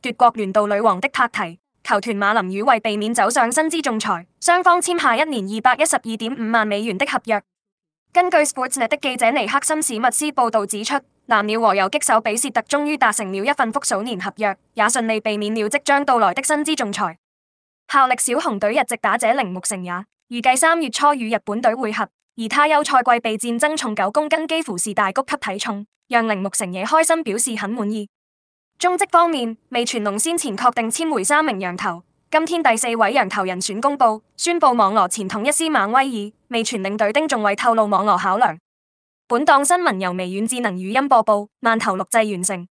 奪國聯道女王的塔提球團馬林宇，為避免走上薪資仲裁，雙方簽下一年二百一十二點五萬美元的合約。根據 Sportsnet 的記者尼克森史密斯報道指出，藍鳥和游擊手比斯特終於達成了一份複數年合約，也順利避免了即將到來的薪資仲裁。效力小熊隊日籍打者鈴木誠也預計三月初與日本隊會合，而他休賽季備戰增重九公斤，幾乎是大谷級體重，讓鈴木誠也開心表示很滿意。中職方面，味全龍先前確定簽回三名洋投，今天第四位洋投人選公布，宣布網羅前統一獅馬威爾，味全領隊丁仲偉透露網羅考量。本檔新聞由微軟智能語音播報，慢頭錄製完成。